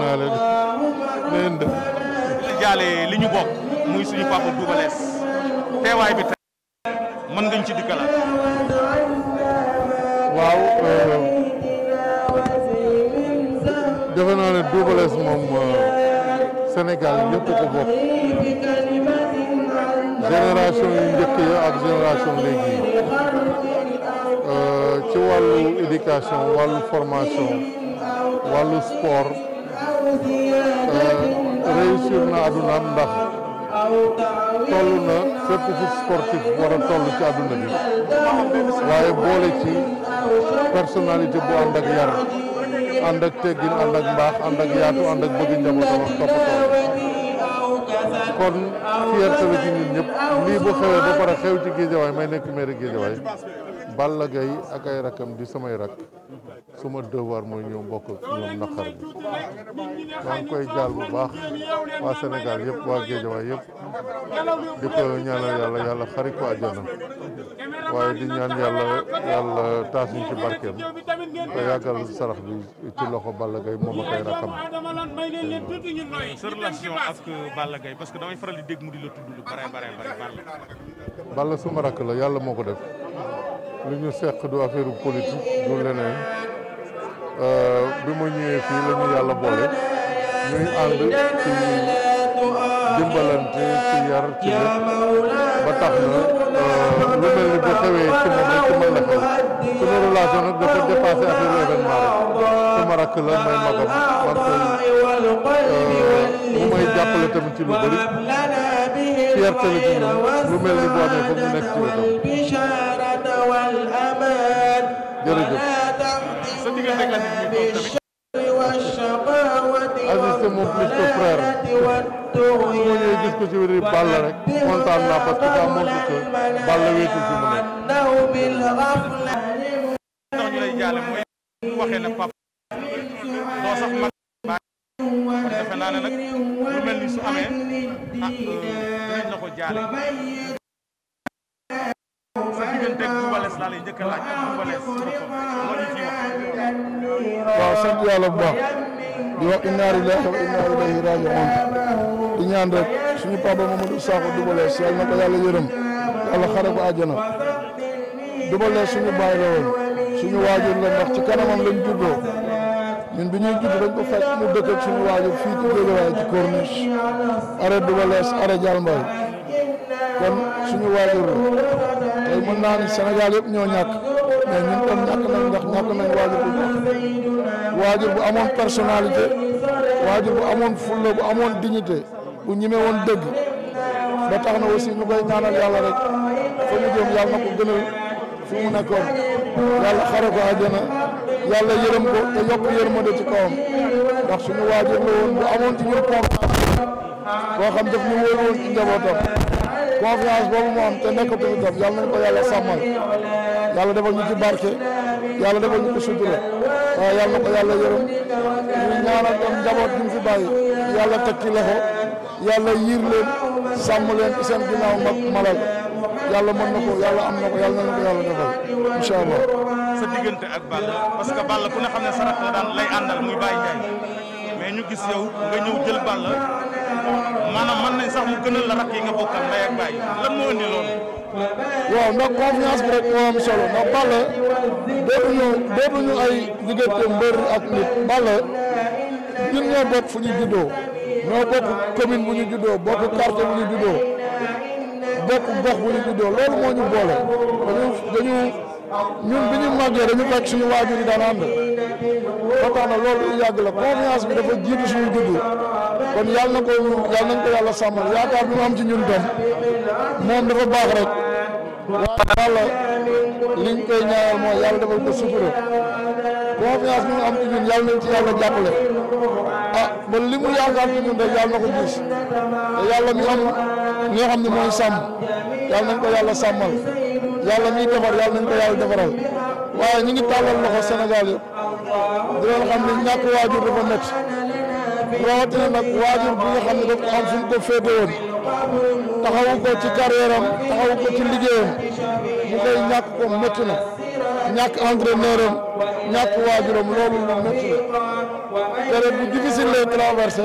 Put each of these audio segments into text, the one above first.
gërëm naa leen ñu bokk muy suñu ci dikkalaat waaw euh, defe naa ne Double moom euh, Sénégal ñëpp ko bokk génération yu njëkk ya ak génération léegi euh, ci wàllu éducation wàllu formation wàllu sport réussir na àddunaam ndax toll na fépp fu sportif a toll ci àdduna yar ànd ak teggin ñëpp lii bu xewee ba pare xew ci Guédiawaye may nekk maire Guédiawaye Balla Gaye ak ay rakam di samay rak suma devoir mooy ñëw mbokk ñoom naqar bi maa ngi koy jaal bu baax waa Sénégal yëpp waa Géejawaay yëpp di ko yàlla yàlla xari ko àjjana waaye di ñaan yàlla yàlla taas ñu ci barkeem te yàggal sarax bi ci loxo Balla la tudd lu bare bare bare Balla suma rak la yàlla moo ko def. li ñu seq du affaire politique du leneen euh, bi ma ñëwee fii la ñu yàlla boole ñuy ànd ci dimbalante ci yar ci lépp ba tax na euh, lu mel ni bu xewee ci man rek ci man la xew suñu relation nag dafa dépassé affaire événement rek sama rakk la may magam man koy mu euh, may jàppale tamit ci lu bëri fierté la ci ñun lu mel ni boo amee fa mu nekk ci والأمان ولا تحطمنا بالشر والشقاوة والضلالة والطغيان وأكبرنا عنه بالغفلة waxee ne papa doo sax mag baa defe naa ne nag lu mel ni su amee ah dinañ la ko jaale diggante Double Less laa lay njëkk a laaj ak Double Less waaw sant yàlla bu baax di wax inna lillahi wa inna ilayhi raji'un di ñaan rek suñu papa Mamadou Sakho Double Less yàlla na ko yàlla yërëm yàlla xare ko suñu baay la suñu waajur la ci kanamam lañ juddoo ñun bi ñuy judd dañ ko fekk mu dëkk suñu waajur fii ci Guédiawaye ci corniche arrêt Double Less arrêt Dial Mbaye kon suñu waajur tey mën naa Sénégal yëpp ñoo ñàkk mais ñun tam ñàkk nañ ndax ñàkk nañ waajur bu baax waajur bu amoon personnalité waajur bu amoon fulla bu amoon dignité bu ñime woon dëgg ba tax na aussi ñu koy a yàlla rek fa mu jëm yàlla na ko gënal fi mu nekkoon yàlla xare ko àjjana yàlla yërëm ko te yokk yërmande ci kawam ndax suñu waajur la woon bu amoon ci ñun koo daf ñu wóolu woon ci njabootam confiance boobu mu am te nekkatu fi tam yàlla nañu ko yàlla sàmmal yàlla defal ñu ci barke yàlla defal ñu ci sutura waaw na ko yàlla yërëm ñu ñaanal tam njaboot gi mu fi bàyyi yàlla teg ci loxo yàlla yiir leen sàmm na ko yàlla am na ko yàlla na ko yàlla defal incha sa diggante ak Balla parce que Balla ku ne xam ne sa rakk la daan lay muy Baye Ndiaye mais ñu gis yow nga ñëw jël Balla. maanaam mën nañ sax mu gënal la rakk yi nga bokkal ndey ak baay la moo indi loolu. waaw ndax confiance bi rek moo am solo ndax Balla dootuñu dootuñu ay diggante mbër ak nit Balla ñun ñoo bokk fu ñu juddoo ñoo bokk commune bu ñu juddoo bokk quartier bu ñu juddoo bokk gox bu ñu juddoo loolu moo ñu boole dañu. ñun bi ñu màggee dañu fekk suñu waajur yi da ànd ba tax na loolu lu yàgg la confiance bi dafa jiitu suñu juddu kon yàlla na ko yàlla nañ yàlla am ci ñun doom moom dafa baax rek waaye yàlla liñ koy ñaanal mooy yàlla defal ko sutura confiance bi mu am ci ñun yàlla ah, li mu yaakaar ci ñun rek yàlla na ko yàlla mi nga xam ne mooy sàmm yàlla nañ ko yàlla sàmmal yàlla miy defar yàlla nañ ko yàlla waaye ñu ngi tàllal loxo Sénégal yëpp di leen xam ne ñàkk waajur dafa métti rawatina nag waajur bi nga xam ne daf ko xam fu mu taxawu ko ci carrière am taxawu ko ci liggéeyam mu koy ñàkk ko métti na ñàkk entraîneur am ñàkk waajuram loolu lu métti la période bu difficile lay traversé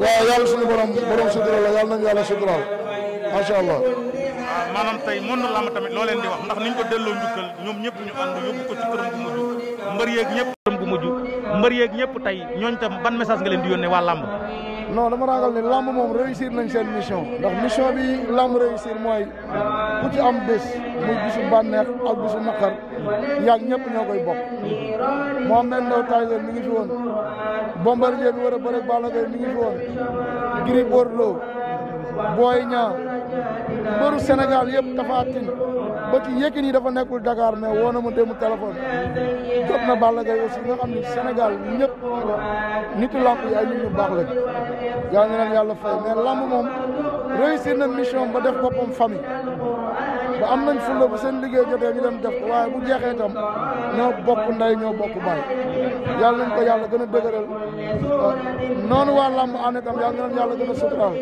waaye yàlla suñu borom borom sutural la yàlla nañu yàlla sutural maanaam tey mën na lamb tamit loo leen di wax ndax niñ ko delloo njukkal ñoom ñëpp ñu ànd yóbbu ko ci këram bu mujj mbër yeeg ñëpp tey ñooñ tam ban message nga leen di yónnee waa lamb non dama ragal ne lamb moom réussir nañ seen mission ndax mission bi lamb réussir mooy ku ci am bés muy bisu bànneex ak bisu naqar yaag ñëpp ñoo koy bokk Mohamed Ndao Tyson mi ngi fi woon Bombardier bi war a bëre Balla Gaye mi ngi fi woon Gris Bordeaux Boy Niang mbëru Sénégal yëpp Tapha Tine ba ci Yékini dafa nekkul dakaar mais woo na ma démb téléphone jot na Balla Gaye aussi nga xam ni Sénégal ñëpp nitu làmp yi ay nit ñu baax yaa ngi yàlla fay mais làmb moom réussir na mission ba def boppam famille am nañ fulla bu seen liggéey jotee ñu dem def ko waaye bu jeexee itam ñoo bokk nday ñoo bokk baay yàlla nañ ko yàlla gën a dëgëral euh, noonu waa làmb ànd itam yàlla nañ yàlla gën a suturaal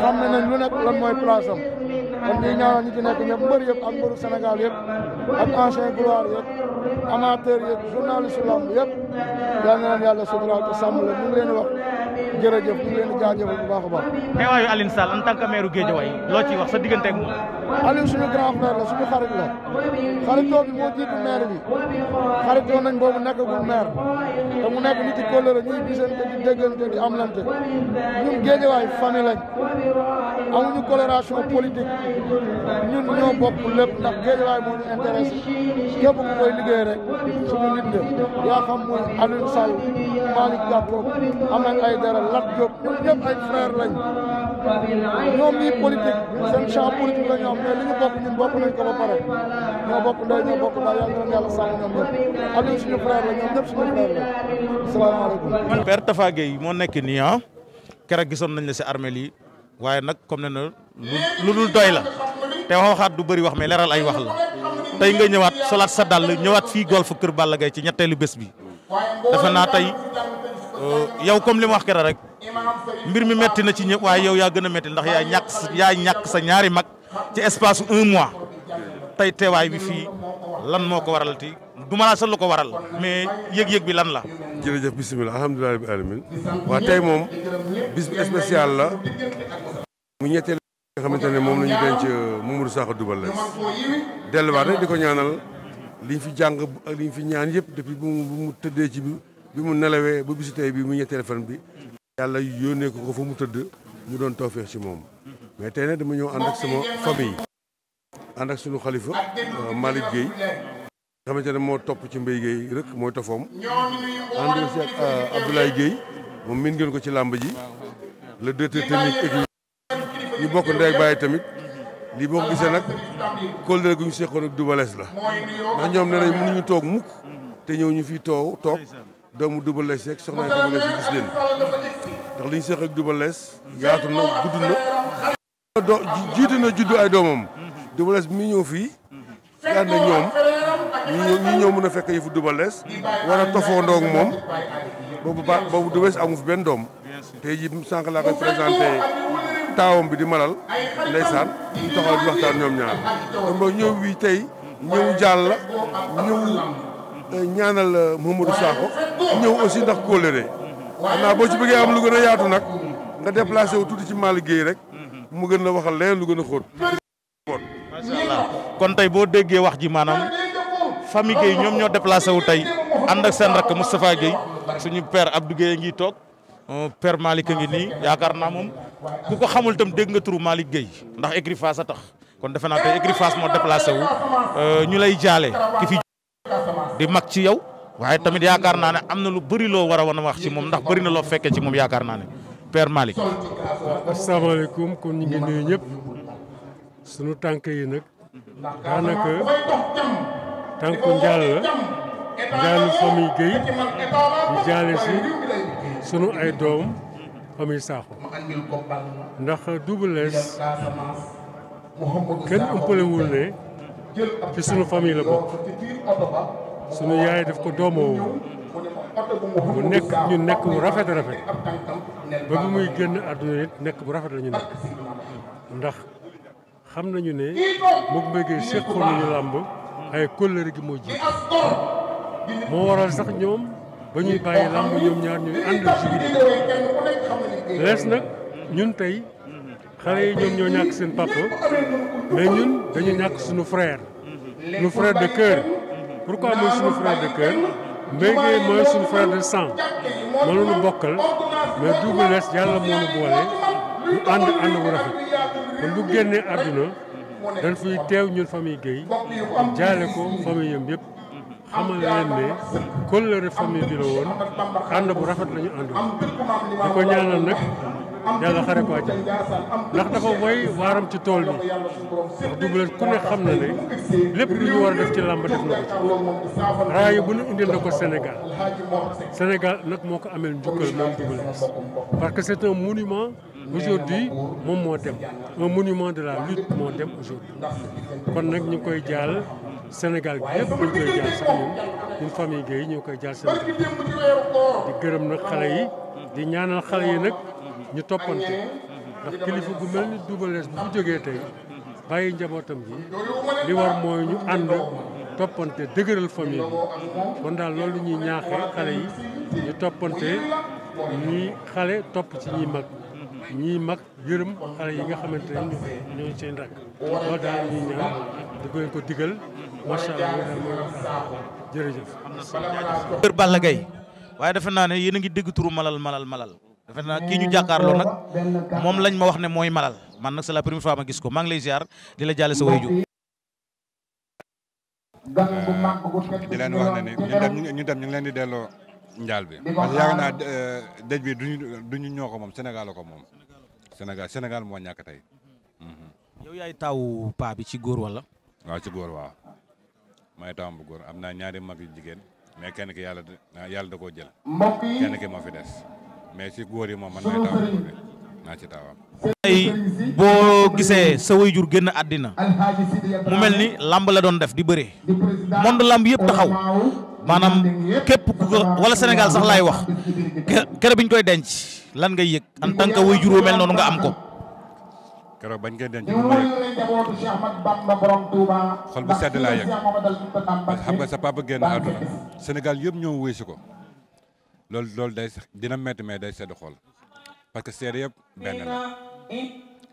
xam ne nañ lu nekk lan mooy place am kon ñi ñaanal ñi ci nekk ñëpp mbër yëpp ak mbëru Sénégal yëpp ak ancien gloire yëpp amateur yëpp journaliste làmb yëpp yàlla na leen yàlla suturaal te sàmm la ñu ngi leen jërëjëf ñu ngi leen di jaajëfal bu baax a baax. teewaayu Alioune Sall en tant que loo ciy wax sa diggante ak moom. Alioune suñu grand frère la suñu xarit la xaritoo bi moo jiitu maire bi xaritoon nañ boobu nekkagul maire te mu nekk nit yi kóllëre ñuy gisante di déggante di amlante ñun géejewaay famille lañ amuñu coloration politique ñun ñoo bokk lépp ndax géejewaay moo ñu intéressé képp ku koy liggéey rek suñu nit la yaa xam muy Alioune Sall Malick Gakou Ahmed Aïdara Lat Diop ñun ñëpp ay frère lañ ñoom ñii politique seen champ politique la ñoom mais li ñu bokk ñun bokk nañ ko ba pare ñoo bokk ndey ñoo bokk baay yàlla na yàlla nañ la ñoom ñëpp suñu frère la salaamaaleykum. Père moo nekk nii ah keroog gisoon nañ la si armée yi waaye nag comme ne na lu dul doy la te waxaat du bari wax mais leeral ay wax la tey nga ñëwaat solaat sa dàll ñëwaat fii golf kër Balla Gaye ci ñetteelu bés bi defe naa tey euh, yow comme li mu wax keroog rek. mbir mi metti na ci ñëpp waaye yow yaa gën a metti ndax yaa ñàkk yaa ñàkk sa ñaari mag ci espace un mois tey teewaay bi fii lan moo ko waral ti du ma laa lu ko waral mais yëg-yëg bi lan la. jërëjëf bisimilah alhamdulilah rabbil alamin waa tey moom bis bu la. mu ñetteel nga xamante ne moom la ñu denc euh, Mamadou Sakho Double Less delluwaat rek di ko ñaanal liñ fi jàng ak liñ fi ñaan yëpp depuis bu mu tëddee ci bi mu nelawee ba bisu bi mu ñetteel fan bi. yàlla yónnee ko ko fa mu tëdd mu doon tawfeex ci moom mais te nag dama ñëw ànd ak sama famille ànd ak sunu xalifa euh, Malick Gueye xamante ne moo topp ci Mbaye Gueye rek mooy tofoom ànd aussi ak euh, moom min ngeen ko ci làmb ji le directeur technique équipe ñu bokk ndey ak bàyyi tamit lii boo ko gisee nag kóllëre gu ñu seqoon ak Double la ndax ñoom nee nañ mënuñu toog mukk te ñëw ñu fii toow toog doomu Double Less yeeg soxna yi Double yi gis leen ndax li ñu seq ak Double Less yaatu na gudd na do jiite na juddu ay doomam Double bi mu ñëw fii daan na ñoom ñi ñëw mën a fekk yëfu Double Less war a tofoo ndoog moom boobu ba boobu Double Less amu benn doom tey jii sànq laa présenté taawam bi di malal ndeysaan ñu taxaw di waxtaan ñoom ñaar kon ñëw wi tey ñëw jàll ñëw Euh, ñaanal euh, Mamadou Sakho ñëw aussi ndax kóoléré xam naa boo ci bëggee am lu gën a yaatu nag nga déplacé wu tuuti ci Malick Guèye rek mu gën a waxal leneen lu gën a xóot macha kon tey boo déggee wax ji maanaam famille Guèye ñoom ñoo déplacé wu tey ànd ak seen rakk Moustapha ñu suñu père Abdou a ngi toog père Malick a ngi nii yaakaar naa moom ku ko xamul tam dégg nga turu Malick Guèye ndax écurie Fass a tax kon defe naa tey écurie Fass moo déplacé wu euh, ñu lay jaale ki di mag ci yow waaye tamit yaakaar naa ne am na lu bëri loo war a wan wax ci moom ndax bëri na loo fekkee ci moom yaakaar naa ne Père Malick. asalaamaaleykum kon ñu ngi nuyu ñëpp sunu tànk yi nag daanaka tànku njaal la njaalu famille Guèye ñu si sunu ay doom famille Sakho ndax Double Less kenn ëmpalewul ne. ci suñu famille la bokk sunu yaay def ko doomoo mu nekk ñu nekk bu rafet rafet ba bu muy génn àdduna it nekk bu rafet lañu nekk ndax xam nañu ne moom mbéggee seqoon nañu làmb ay kóllëre gi moo jiitu moo waral sax ñoom ba ñuy bàyyi làmb ñoom ñaar ñuy ànd ci biir lees nag ñun tey xale yi ñoom ñoo ñàkk seen papa mais ñun dañu ñàkk suñu frère suñu frère de cœur pourquoi mooy suñu frère de cœur Mbengue mooy suñu frère de sang mënuñu bokkal mais Double Less yàlla moo ñu boole ñu ànd ànd bu rafet bu génnee àdduna dañ fiy teew ñun famille Guèye jaale ko famille yam yëpp xamal leen ne kóllëre famille bi la woon ànd bu rafet la ñu àndoon di ko ñaanal nag yàlla xare ko àjjana ndax dafa woy waaram ci tool bi ndax Double Less ku ne xam na ne lépp lu war def ci làmb def na ko ci bu nu indil na ko Sénégal Sénégal nag moo ko ameel njukkal moom Double parce que c'est un monument aujourd'hui moom moo dem un monument de la moo dem aujourd'hui kon nag ñu ngi koy jaal Sénégal bi ñu koy jaal sax ñun ñun famille Guèye ñoo koy jaal Sénégal di gërëm nag xale yi di ñaanal xale yi nag ñu toppante ndax kilifa gu mel ni Double Less bu fi jógee tey bàyyi njabootam ji li war mooy ñu ànd toppante dëgëral famille bi daal loolu ñuy ñaaxee xale yi ñu toppante ñii xale topp ci ñi mag ñii mag yërëm xale yi nga xamante ne ñooy seen rakk loolu daal ñuy ñaan di koy ko digal macha allah jërëjëf. am na solo jaajëf. Kër Balla waaye defe naa ne yéen a ngi dégg turu malal malal malal. defe ñu kii ñu jàkkaarloo nag moom lañ ma wax ne mooy malal man nag c'est la première fois ma gis ko maa ngi lay ziar di la jàlle sa wayju di leen wax ne ni ñu dem ñu ngi leen di delloo njaal bi parce que yaakaar naa euh, dëj bi duñu duñu ñoo ko moom Sénégal ko moom Sénégal Sénégal moo ñàkk tey mhm. yow yaay taawu paa bi ci góor walla waaw ci góor waaw may taawam bu góor am naa ñaari mag yu jigéen mais kenn ki yàlla yàlla da koo jël kenn ki moo fi des mais ci yi moom man may taawam boo gisee sa waajur génn àddina mu mel ni lamb la doon def di bëre monde lamb yëpp taxaw maanaam képp ku ko wala Sénégal sax laay wax kere biñ koy denc lan ngay yëg en tant que waajur wu mel noonu nga am ko. keroog bañ koy denc lu ma xol bu sedd laa yëg xam nga sa papa génn àdduna Sénégal yëpp ñëw wuy ko. loolu loolu day dina métti mais day sedd xool parce que seede yëpp benn la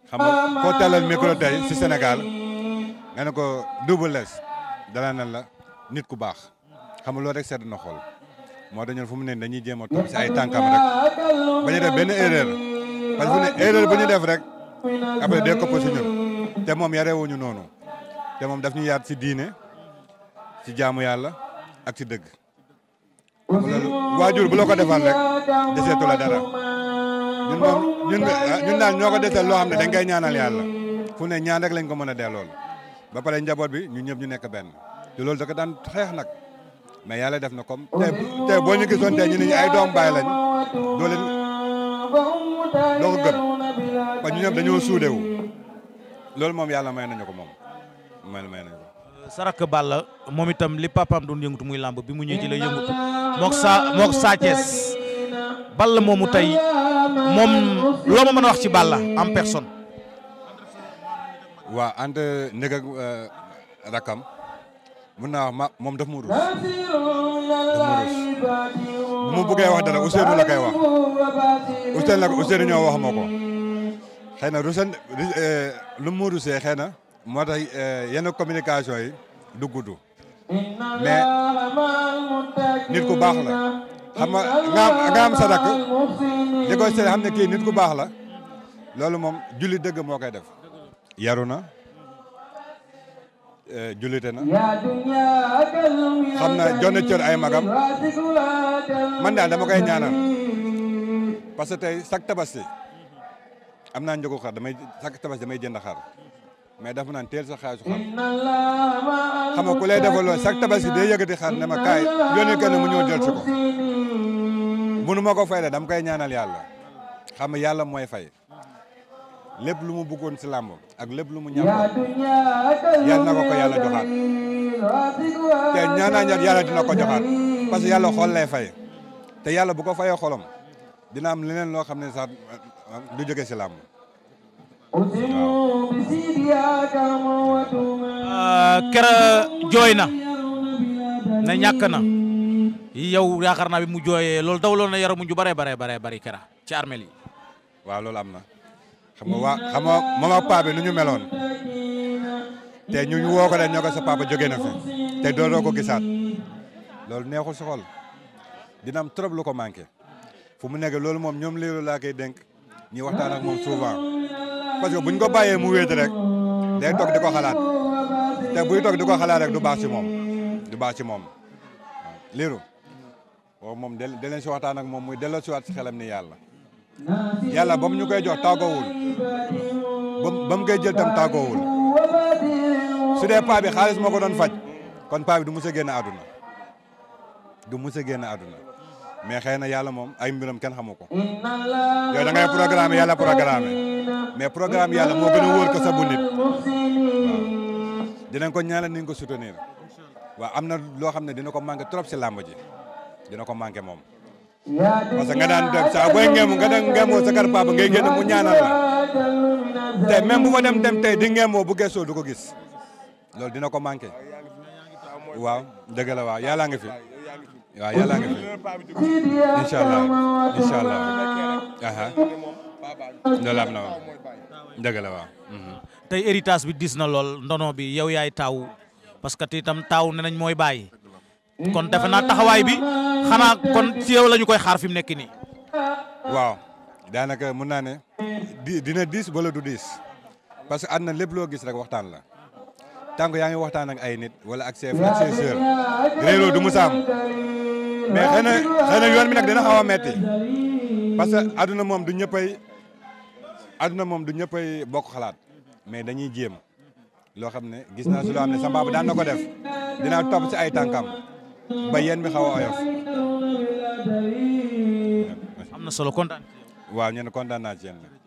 xam nga koo tàllal micro tey si Sénégal nga ne ko Double Less dala na la nit ku baax xam nga loolu rek sedd na xool moo dañu fu mu ne dañuy jéem a topp si ay tànkam rek ba ñu def benn erreur parce que ne erreur bu ñu def rek après de kopp si ñun te moom yarewuñu noonu te moom daf ñu yaat si diine si jaamu yàlla ak si dëgg. waa jur bu la ko defal rek deseetu la dara ñun moom ñun ah, ñun daal ñoo ko deseel loo xam ne dañ koy ñaanal yàlla fu ne ñaan rek lañ ko mën a delloo ba pare njaboot bi ñu ñëpp ñu nekk benn te loolu da ko daan xeex nag mais yàlla def na comme tey boo ñu gisoon tey ñu ne ñu ay doom baay lañ doo leen doo ko gëm ba ñu ñëpp dañoo suudewu loolu moom yàlla may nañu ko moom may may nañu ko sarak Balla moom itam li papaam doon yëngutu muy làmb bi mu ñëwee ci la yëngutu mook sa mook Sa Thiès Balla moomu tey moom loo ma mën a wax ci Balla en personne waaw ànd nekk ak euh, rakam mun naa wax moom daf mu rus daf mu rus wax dara Ousseynou la koy wax Ousseynou la ko wax ma ko xëy na rusen euh, lu mu rusee xëy na moo tax euh, yenn communication yi du gudd mais nit ku baax la xam nga nga am sadak di xam ne kii nit ku baax la loolu moom julli dëgg moo koy def yaru na euh, jullite na xam na jonne cër ay magam man daal dama koy ñaanal parce que tey chaque tabaski am naa njëgu xar damay chaque tabaski damay jënd xar mais dafa naan teel sa xaalisu xar xam nga ku lay defaloon chaque tabaski day di xar ne ma kaay yónni kenn mu ñëw jël si ko munu ma ko fay dam dama koy ñaanal yàlla xam nga yàlla mooy fay lépp lu mu bëggoon si làmb ak lépp lu mu ñàkkoon yal na ko ko yàlla joxaat te ñaanaa dina ko joxaat parce que yàlla xol lay fay te yàlla bu ko fayee xolam dina am leneen loo xam ne sax du jóge si làmb kera jooy na ne ñàkk na yow yaakaar naa bi mu jooyee loolu dawloon na yaramu ju bare bare bare bari kera ci armel waaw loolu am na xam waa xam nga moom ak nu ñu meloon te ñu woo ko leen ñoo ko sa papa jóge na fi te doodoo ko gisaat loolu neexul si dina am trop lu ko manqué fu mu nekk loolu moom ñoom léelu laa koy dénk ñuy waxtaan ak moom souvent parce que buñ ko bàyyee mu wéet rek day toog di ko xalaat te buy toog di ko xalaat rek du baax si moom du baax ci moom liiru waaw moom de leen si waxtaan ak moom muy delloo si waat si xelam ni yàlla yàlla ba mu ñu koy jox tàggoowul ba mu koy jël tam tàggoowul su dee paa bi xaalis moo ko doon faj kon paa bi du mus a génn àdduna du mus a génn àdduna mais xëy na yàlla moom ay mbiram kenn xamu ko yooyu da ngay programme yàlla programme mais programme yàlla moo gën a wóor ko sa bu nit dinañ ko ñaanal ni nga ko soutenir am na loo xam ne dina ko manqué trop si làmb ji dina ko manqué moom parce nga daan dem saa booy ngeemu nga dem ngeemoo sa kar papa ngay génn mu ñaanal la tey même bu fa dem dem tey di ngeemoo bu gëstoo du ko gis loolu dina ko manqué waaw dëgg la waaw yàlla fi waaw yàlla nga fi incha allah incha loolu am na waaw dëgg la waaw. Mhm. tey héritage bi dis na lool ndono bi yow yaay taaw parce que te itam taaw ne nañ mooy bàyyi kon defe naa taxawaay bi xanaa kon ci yow la koy xaar fi mu nekk nii. waaw daanaka mun naa ne di dina diis wala du diis parce que na lépp loo gis rek waxtaan la. tànk yaa ngi waxtaan ak ay nit wala ak ses frères ses du musaam mais xëy yoon bi nag dina xaw metti parce que moom du ñëppay. àdduna moom du ñëppay bokk xalaat mais dañuy jéem loo xam ne gis naa si loo xam ne sa daan na ko def dinaa topp si ay tànkam ba yéen bi xaw a oyof. am na solo kontaan. waaw ñenn kontaan naa ci yéen